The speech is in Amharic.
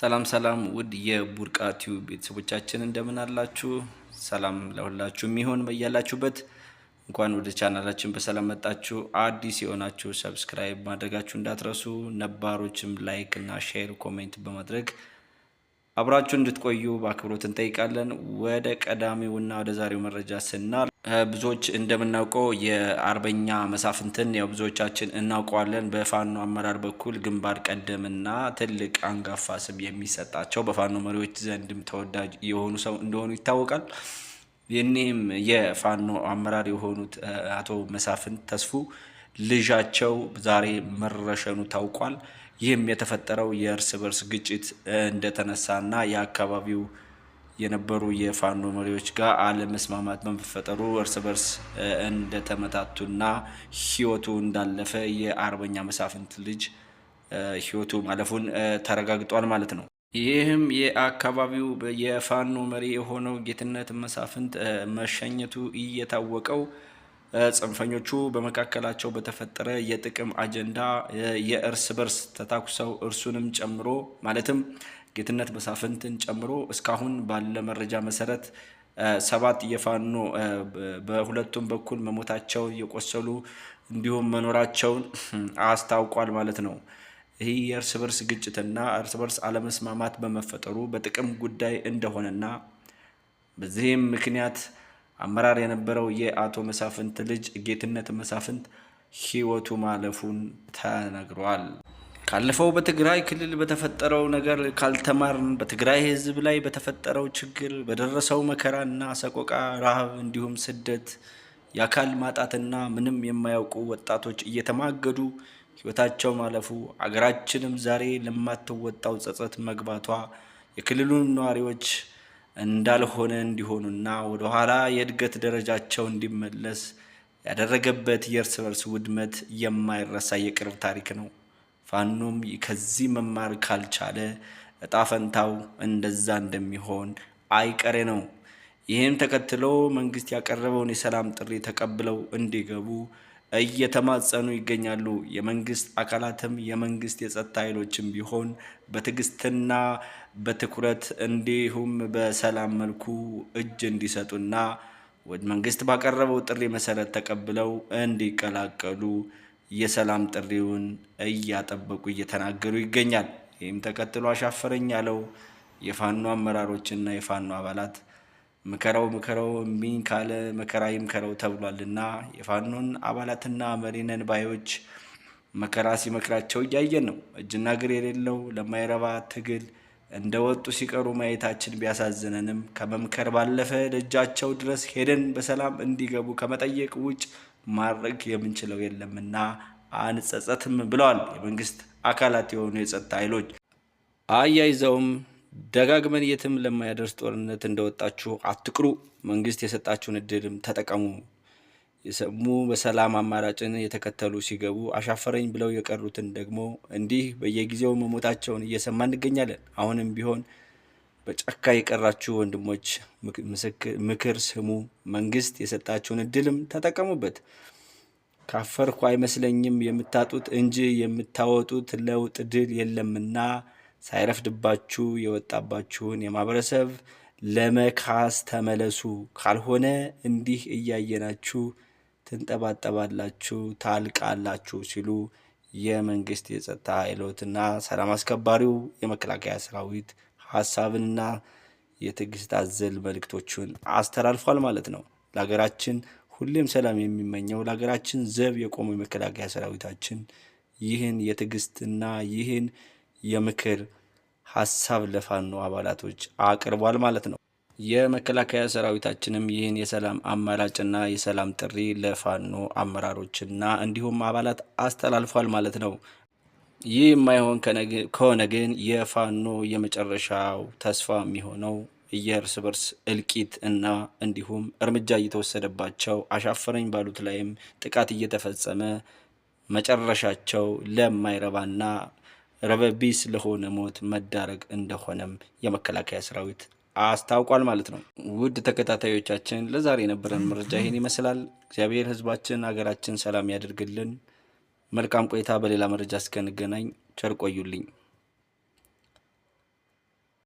ሰላም ሰላም ውድ የቡርቃ ቲዩብ ቤተሰቦቻችን እንደምን አላችሁ? ሰላም ለሁላችሁ የሚሆን በያላችሁበት። እንኳን ወደ ቻናላችን በሰላም መጣችሁ። አዲስ የሆናችሁ ሰብስክራይብ ማድረጋችሁ እንዳትረሱ፣ ነባሮችም ላይክ እና ሼር ኮሜንት በማድረግ አብራችሁ እንድትቆዩ በአክብሮት እንጠይቃለን። ወደ ቀዳሚውና ወደ ዛሬው መረጃ ስናል ብዙዎች እንደምናውቀው የአርበኛ መሳፍንትን ያው ብዙዎቻችን እናውቀዋለን። በፋኖ አመራር በኩል ግንባር ቀደምና ትልቅ አንጋፋ ስም የሚሰጣቸው በፋኖ መሪዎች ዘንድም ተወዳጅ የሆኑ ሰው እንደሆኑ ይታወቃል። ይህኒህም የፋኖ አመራር የሆኑት አቶ መሳፍንት ተስፉ ልጃቸው ዛሬ መረሸኑ ታውቋል። ይህም የተፈጠረው የእርስ በርስ ግጭት እንደተነሳና የአካባቢው የነበሩ የፋኖ መሪዎች ጋር አለመስማማት በመፈጠሩ እርስ በርስ እንደተመታቱና ህይወቱ እንዳለፈ የአርበኛ መሳፍንት ልጅ ህይወቱ ማለፉን ተረጋግጧል ማለት ነው። ይህም የአካባቢው የፋኖ መሪ የሆነው ጌትነት መሳፍንት መሸኘቱ እየታወቀው ጽንፈኞቹ በመካከላቸው በተፈጠረ የጥቅም አጀንዳ የእርስ በርስ ተታኩሰው እርሱንም ጨምሮ ማለትም ጌትነት መሳፍንትን ጨምሮ እስካሁን ባለ መረጃ መሰረት ሰባት የፋኖ በሁለቱም በኩል መሞታቸው የቆሰሉ እንዲሁም መኖራቸውን አስታውቋል ማለት ነው። ይህ የእርስ በርስ ግጭትና እርስ በርስ አለመስማማት በመፈጠሩ በጥቅም ጉዳይ እንደሆነና በዚህም ምክንያት አመራር የነበረው የአቶ መሳፍንት ልጅ ጌትነት መሳፍንት ሕይወቱ ማለፉን ተነግሯል። ካለፈው በትግራይ ክልል በተፈጠረው ነገር ካልተማርን በትግራይ ሕዝብ ላይ በተፈጠረው ችግር በደረሰው መከራና ሰቆቃ፣ ረሃብ እንዲሁም ስደት፣ የአካል ማጣትና ምንም የማያውቁ ወጣቶች እየተማገዱ ሕይወታቸው ማለፉ አገራችንም ዛሬ ለማትወጣው ጸጸት መግባቷ የክልሉን ነዋሪዎች እንዳልሆነ እንዲሆኑና ወደኋላ የእድገት ደረጃቸው እንዲመለስ ያደረገበት የእርስ በርስ ውድመት የማይረሳ የቅርብ ታሪክ ነው። ፋኖም ከዚህ መማር ካልቻለ እጣፈንታው እንደዛ እንደሚሆን አይቀሬ ነው። ይህም ተከትሎ መንግስት ያቀረበውን የሰላም ጥሪ ተቀብለው እንዲገቡ እየተማጸኑ ይገኛሉ። የመንግስት አካላትም የመንግስት የጸጥታ ኃይሎችም ቢሆን በትዕግስትና በትኩረት እንዲሁም በሰላም መልኩ እጅ እንዲሰጡና መንግስት ባቀረበው ጥሪ መሰረት ተቀብለው እንዲቀላቀሉ የሰላም ጥሪውን እያጠበቁ እየተናገሩ ይገኛል። ይህም ተከትሎ አሻፈረኝ ያለው የፋኖ አመራሮችና የፋኖ አባላት ምከረው ምከረው እምቢኝ ካለ መከራ ይምከረው ተብሏልና የፋኖን አባላትና መሪነን ባዮች መከራ ሲመክራቸው እያየን ነው። እጅና እግር የሌለው ለማይረባ ትግል እንደወጡ ሲቀሩ ማየታችን ቢያሳዝነንም ከመምከር ባለፈ ደጃቸው ድረስ ሄደን በሰላም እንዲገቡ ከመጠየቅ ውጭ ማድረግ የምንችለው የለምና አንጸጸትም ብለዋል የመንግስት አካላት የሆኑ የጸጥታ ኃይሎች። አያይዘውም ደጋግመን የትም ለማያደርስ ጦርነት እንደወጣችሁ አትቅሩ፣ መንግስት የሰጣችሁን እድልም ተጠቀሙ የሰሙ በሰላም አማራጭን የተከተሉ ሲገቡ አሻፈረኝ ብለው የቀሩትን ደግሞ እንዲህ በየጊዜው መሞታቸውን እየሰማ እንገኛለን። አሁንም ቢሆን በጫካ የቀራችሁ ወንድሞች ምክር ስሙ። መንግስት የሰጣችሁን እድልም ተጠቀሙበት። ካፈርኩ አይመስለኝም የምታጡት እንጂ የምታወጡት ለውጥ ድል የለምና ሳይረፍድባችሁ የወጣባችሁን የማህበረሰብ ለመካስ ተመለሱ። ካልሆነ እንዲህ እያየናችሁ ትንጠባጠባላችሁ፣ ታልቃላችሁ ሲሉ የመንግስት የጸጥታ ኃይሎትና ሰላም አስከባሪው የመከላከያ ሰራዊት ሀሳብንና የትዕግስት አዘል መልክቶችን አስተላልፏል ማለት ነው። ለሀገራችን ሁሌም ሰላም የሚመኘው ለሀገራችን ዘብ የቆመው የመከላከያ ሰራዊታችን ይህን የትዕግስትና ይህን የምክር ሀሳብ ለፋኖ አባላቶች አቅርቧል ማለት ነው። የመከላከያ ሰራዊታችንም ይህን የሰላም አማራጭና የሰላም ጥሪ ለፋኖ አመራሮችና እንዲሁም አባላት አስተላልፏል ማለት ነው። ይህ የማይሆን ከሆነ ግን የፋኖ የመጨረሻው ተስፋ የሚሆነው የእርስ በርስ እልቂት እና እንዲሁም እርምጃ እየተወሰደባቸው አሻፈረኝ ባሉት ላይም ጥቃት እየተፈጸመ መጨረሻቸው ለማይረባና ረበቢስ ለሆነ ሞት መዳረግ እንደሆነም የመከላከያ ሰራዊት አስታውቋል ማለት ነው። ውድ ተከታታዮቻችን ለዛሬ የነበረን መረጃ ይህን ይመስላል። እግዚአብሔር ሕዝባችን ሀገራችን ሰላም ያደርግልን። መልካም ቆይታ። በሌላ መረጃ እስከንገናኝ ቸር ቆዩልኝ።